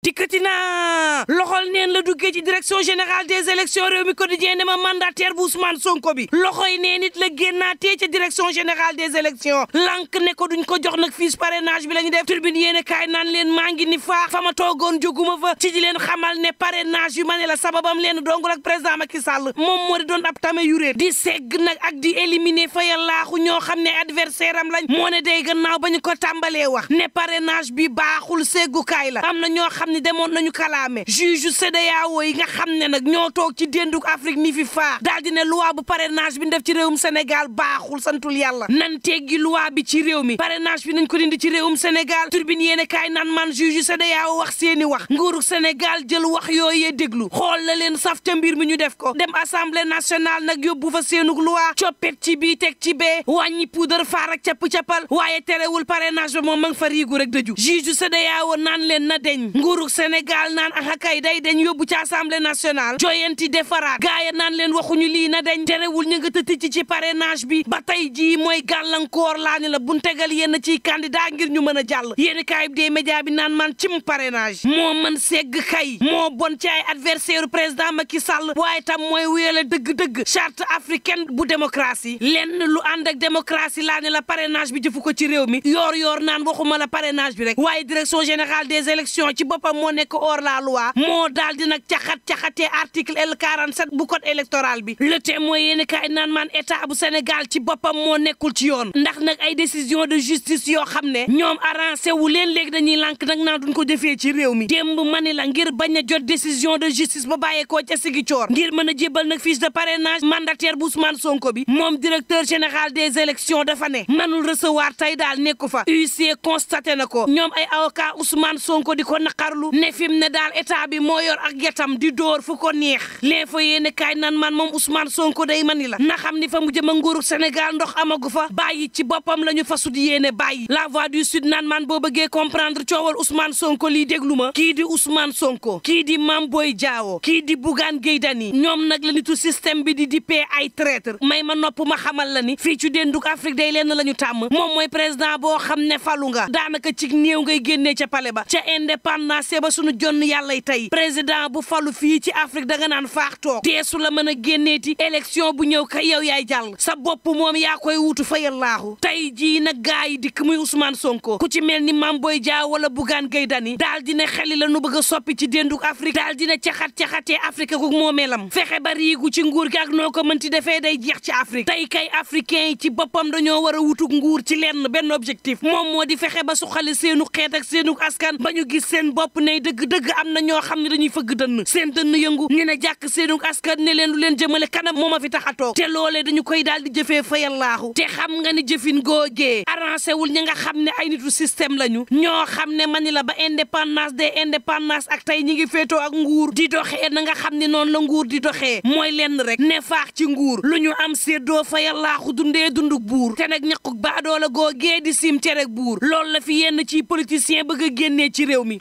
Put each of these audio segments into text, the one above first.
dikkati naa loxol neen la duggee ci direction générale des élections réew mi quotidien ne ma mandataire bu Ousmane Sonko bi loxoy neen it la génnaatee ca direction générale des élections lank ne ko duñ ko jox nag fiche parrainage bi la ñu def turbine yéen kaay leen maa ngi ni faax fa ma toogoon jóguma fa ci di leen xamal ne parrainage yu mane ne la sababam leen dongul ak président Macky Sall moom moo di doon ab tame yurée di segg nag ak di éliminer fayal laaxu ñoo xam ne adversaire am lañ moo ne day gannaaw ba ñu ko tàmbalee wax ne parrainage bi baaxul seggukaay la am na ñoo xam xam ne demoon nañu kalaame juge CEDEAO yi nga xam ne nag ñoo toog ci dénduk Afrique ni fi faa daal di ne loi bu parrainage bi ñu def ci réewum senegal baaxul santul yàlla nan teggi loi bi ci réew mi parrainage bi nañ ko dindi ci réewum Sénégal turbine yéene kaay naan man juge CEDEAO wax seeni wax nguuruk Sénégal jël wax yooyee déglu xool la leen saf ca mbir mi ñu def ko dem assemblée nationale nag yóbbu fa seenug loi coppet ci bii teg ci bee wàññi poudre faar ak capp waaye terewul parrainage ba moom ma nga rek dëju juge CEDEAO naan leen nguuru Sénégal naan axa kay day dañ yóbbu ci assemblée nationale joyanti defaraat gaaya naan leen waxuñu lii na dañ terewul ñu nga ci parrainage bi ba tey jii mooy gàllankoor laa ne la buñ tegal yenn ci candidat ngir ñu mën a jàll yéeni kaayib dee média bi naan man cim parrainage moo mën segg kay moo bon ci ay adversaire président sàll Sall waaye tam mooy wéyale dëgg-dëgg charte africaine bu démocratie lenn lu ànd ak démocratie laa la parrainage bi jëfu ko ci réew mi yoor boppam moo nekk hors la loi moo daal di nag caxat caxatee article L 47 bu code électoral bi le témoin yéen kaay naan maan état bu Sénégal ci boppam moo nekkul ci yoon ndax nag ay décision de justice yoo xam ne ñoom arrangé wu leen léegi dañuy lànk nag naa duñ ko defee ci réew mi démb mani la ngir bañ a jot décision de justice ba bàyyeekoo ca Ziguinchor ngir mën a jébbal nag fiche de parrainage mandataire bu Ousmane Sonko bi moom directeur général des élections dafa ne manul recevoir tey daal nekku fa huissier constaté na ko ñoom ay avocat Ousmane Sonko farlu ne fi ne daal état bi moo yor ak yetam di door fu ko neex l'info yéene kaay nan man moom Ousmane Sonko day man mani la na xam ni fa mu jëm a nguuru Sénégal ndox amagu fa bàyyi ci boppam la ñu fa sud yéene bàyyi la voix du sud nan man boo bëggee comprendre coowal Ousmane Sonko lii déglu ma kii di Ousmane Sonko kii di Mame Boye Diao kii di Bougane Gueye Dany ñoom nag la nitu système bi di dippee ay traître may ma nopp ma xamal la ni fii ci dénduk Afrique day lenn la ñu tàmm moom mooy président boo xam ne falu daanaka cig néew ngay génnee ca palais ba ca indépendance accès ba sunu jonn yàlla yi tey président bu falu fii ci Afrique danga naan faax toog teesu la mën a génneeti élection bu ñëw kay yow yaay jàll sa bopp moom yaa koy wutu fa yallaahu tey jii nag gaa yi dikk muy Ousmane Sonko ku ci mel ni Mame Boye Diao wala Bougane Gueye Dany daal dina xeli la nu bëgg a soppi ci dénduk Afrique daal dina caxat caxatee Afrique gu moomeelam fexe ba riigu ci nguur gi ak noo ko mënti defee day jeex ci Afrique tey kay africain yi ci boppam dañoo war a wutug nguur ci lenn benn objectif moom moo di fexe ba suxali seenu xeet seenu askan ba ñu gis seen bopp ne dëgg-dëgg am na ñoo xam ne dañuy fëgg dënn seen dënn yëngu ñu ne jàkk seenu askan ne leen lu leen jëmale kanam moo ma fi tax te loolee dañu koy daal di jëfee fayallaahu te xam nga ni jëfin googee arrangé wul ñi nga xam ne ay nitu système lañu ñoo xam ne ni la ba indépendance des indépendance ak tey ñi ngi féetoo ak nguur di doxee na nga xam ne noonu la nguur di doxee mooy lenn rek ne faax ci nguur lu ñu am séddoo fayallaahu dundee dunduk buur te nag ñaquk baadoola googee di sim cerek buur loolu la fi yenn ci politicien bëgg génnee ci réew mi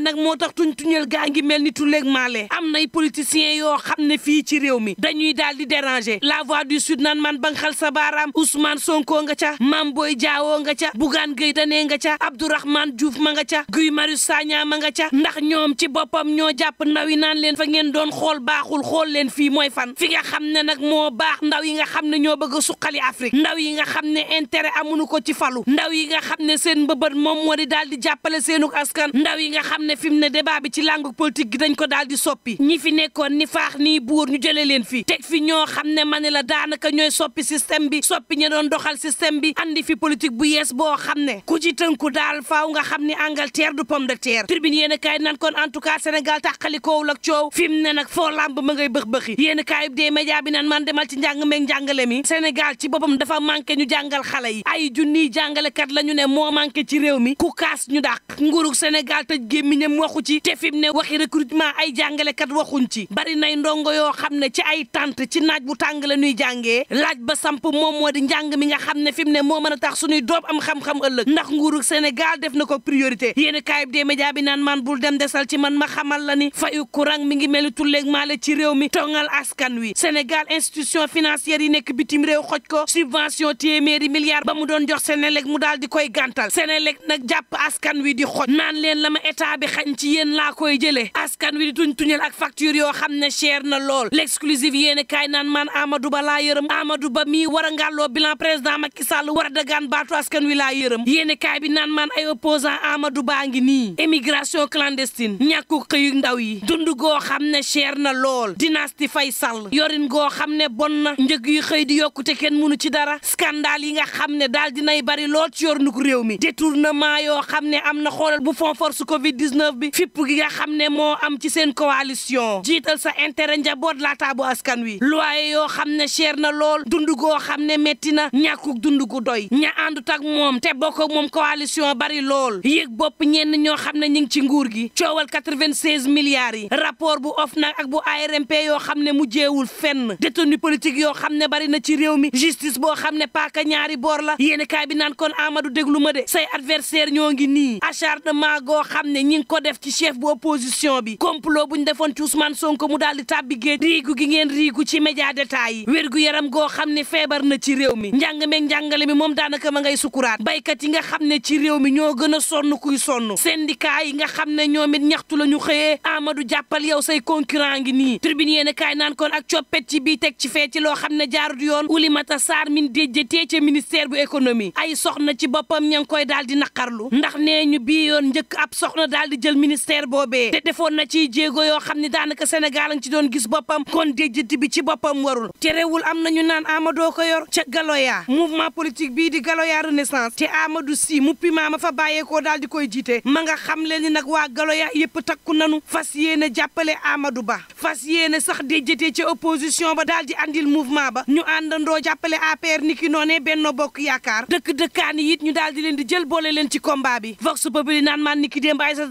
loolee nag moo tax tuñ tuñel gaa ngi mel ni tulleeg maale am nay politiciens yoo xam ne fii ci réew mi dañuy daal di déranger la voix du sud nan man banxal sa baaraam Ousmane Sonko nga ca Mame Boye Diao nga ca Bougane Gueye Dany nga ca Abdourahmane Diouf ma nga ca Guy Marius Sagna ma nga ca ndax ñoom ci boppam ñoo jàpp ndaw yi naan leen fa ngeen doon xool baaxul xool leen fii mooy fan fi nga xam ne nag moo baax ndaw yi nga xam ne ñoo bëgg a suqali Afrique ndaw yi nga xam ne intérêt amuñu ko ci falu ndaw yi nga xam ne seen mbëbët moom moo di daal di jàppale seenu askan ndaw yi nga ne fi mu de débat bi ci langue politique gi dañ ko daal di soppi ñi fi nekkoon ni faax nii buur ñu jëlee leen fi teg fi ñoo xam ne ma ne la daanaka ñooy soppi système bi soppi ña doon doxal système bi andi fi politique bu yees boo xam ne ku ci tënku daal faaw nga xam ni Angleterre du pomme de terre tribune yéen a kaay nan kon en tout cas Sénégal tàqalikoowul ak coow fi mu ne nag foo làmb ma ngay bëx-bëxi yéen a kaay des média bi nan man demal ci njàng me njàngale mi Sénégal ci boppam dafa manqué ñu jàngal xale yi ay junniy jàngalekat la ñu ne moo manqué ci réew mi ku kaas ñu dàq nguurug Sénégal tëj làmmiñam waxu ci te fi mu ne waxi recrutement ay jàngalekat waxu ci bari nay ndongo yoo xam ne ci ay tant ci naaj bu tàng la nuy jàngee laaj ba samp moom moo di njàng mi nga xam ne fi mu ne moo mën a tax suñuy doom am xam-xam ëllëg ndax nguuru Sénégal def na ko priorité yéen kaayib des médias bi naan man bul dem desal ci man ma xamal la ni fayu courant mi ngi mel ni tulleeg maale ci réew mi tongal askan wi Sénégal institution financier yi nekk bitim réew xoj ko subvention téeméeri milliards ba mu doon jox Sénélec mu daal di koy gàntal Sénélec nag jàpp askan wi di xoj naan leen bi xañ ci yéen laa koy jëlee askan wi di tuñ tuñal ak facture yoo xam ne cher na lool l'exclusive yéen kaay naan man Amadou Ba laa yërëm Amadou Ba mii war a ngàlloo bilan président Macky Sall war a dagaan baatu askan wi laa yërëm yéen kaay bi naan man ay opposant Amadou Ba ngi nii émigration clandestine ñàkku xëyu ndaw yi dund goo xam ne cher na lool dynastie Faye Sall yorin goo xam ne bon na njëg yi xëy di yokkute kenn mënu ci dara scandale yi nga xam ne daal dinay bari lool ci yornu ko réew mi détournement yoo xam ne am na xoolal bu fond force covid 19 bi fipp gi xam ne moo am ci seen coalition jiital sa intérêt njaboot laata bu askan wi loyer yoo xam ne cher na lool dund goo xam ne métti na ñàkkuk dund gu doy ña àndut ak moom te bokk ak moom coalition bari lool yëg bopp ñenn ñoo xam ne ñu ngi ci nguur gi coowal 96 milliards yi rapport bu OFNAC ak bu ARMP yoo xam ne mujjeewul fenn détenu politique yoo xam ne bari na ci réew mi justice boo xam ne paaka ñaari boor la yéen kaay bi naan kon Amadou déglu ma de say adversaire ñoo ngi ngi ko def ci chef bu opposition bi complot buñ defoon ci Ousmane Sonko mu daal di tàbbi géej riigu gi ngeen riigu ci média détail yi wérgu yaram goo xam ne feebar na ci réew mi njàng meeg njàngale mi moom daanaka ma ngay sukuraat baykat yi nga xam ne ci réew mi ñoo gën a sonn kuy sonn syndicat yi nga xam ne ñoom it ñaxtu la ñu xëyee Amadou jàppal yow say concurrent ngi nii tribune yéen kaay naan kon ak coppet ci bii teg ci fee ci loo xam ne jaarut yoon Oulimata Sarr min déjjatee ca ministère bu économie ay soxna ci boppam ña ngi koy daal di naqarlu ndax nee yoon njëkk ab daal di jël ministère boobee te defoon na ci jéego yoo xam ni daanaka Sénégal a ngi ci doon gis boppam kon déjjëti bi ci boppam warul cere wul am na ñu naan Amadou ko yor ca Galoya mouvement politique bii di Galoya Renaissance te Amadou Sy muppi maama fa bàyyeekoo daal di koy jiite ma nga xam leen ni nag waa Galoya yëpp takku nanu fas yéene jàppale Amadou Ba fas yéene sax déjjëtee ca opposition ba daal di andil mouvement ba ñu àndandoo jàppale APR ni ki noonee Benno Bokk Yaakaar dëkk dëkkaan yi it ñu daal di leen di jël boole leen ci combat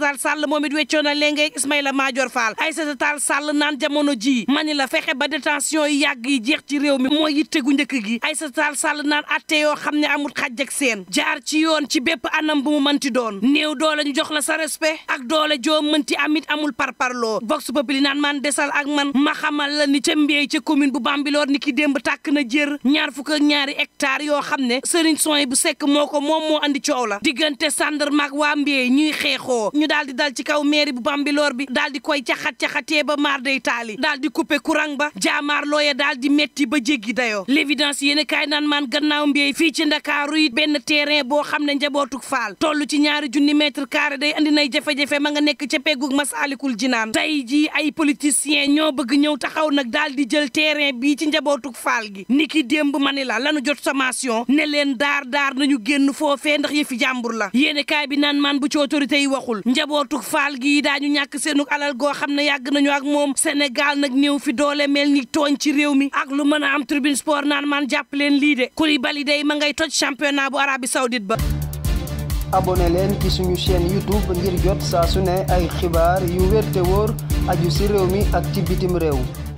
Taal Sall moom it weccoo na léegi Ismaïla Madior Fall Aïssata Taal Sall naan jamono ji mani la fexe ba détention yi yàgg yi jeex ci réew mi moo yitte gu njëkk gi Aïssata Taal Sall naan atte yoo xam ne amul xàjj ak seen jaar ci yoon ci bépp anam bu mu mënti doon néew doole ñu jox la sa respect ak doole joo mënti amit amul parparloo Vox Populi naan man desal ak man ma xamal la ni ca mbéy ca commune bu Bambilor ni ki démb takk na jër ñaar fukk ak ñaari hectares yoo xam ne Serigne Soy bu sekk moo ko moom moo andi coow la diggante sàndarma ak waa mbéy ñuy xeexoo daal di dal ci kaw mairie bu bambiloor bi daal di koy caxat-caxatee ba maar day taali daal di couper courant ba jaamaar looya daal di metti ba jéggi dayoo l'évidence yéen kaay naan maan gannaaw mbéy fii ci ndakaaru it benn terrain boo xam ne njabootuk faal toll ci ñaari junni mètre carré day andi nay jafe-jafe ma nga nekk ca peggu masaalikul jinaan tey jii ay politiciens ñoo bëgg ñëw taxaw nag daal di jël terrain bii ci njabootuk faal gi niki démb ma ni la lanu jot sommation ne leen daar daar nañu génn foofee ndax jàmbur la yéen kaay bi naan maan yi waxul njabootuk faal gi daañu ñàkk seenu alal goo xam ne yàgg nañu ak moom senegaal nag néew fi doole mel ni tooñ ci réew mi ak lu mën a am tribune sport naan man jàpp leen lii de Koulibaly day ma ngay toj championnat bu Arabie Saoudite ba abonné leen ci suñu chaîne YouTube ngir jot saa su ne ay xibaar yu wér te wóor aju ci réew mi ak ci bitim réew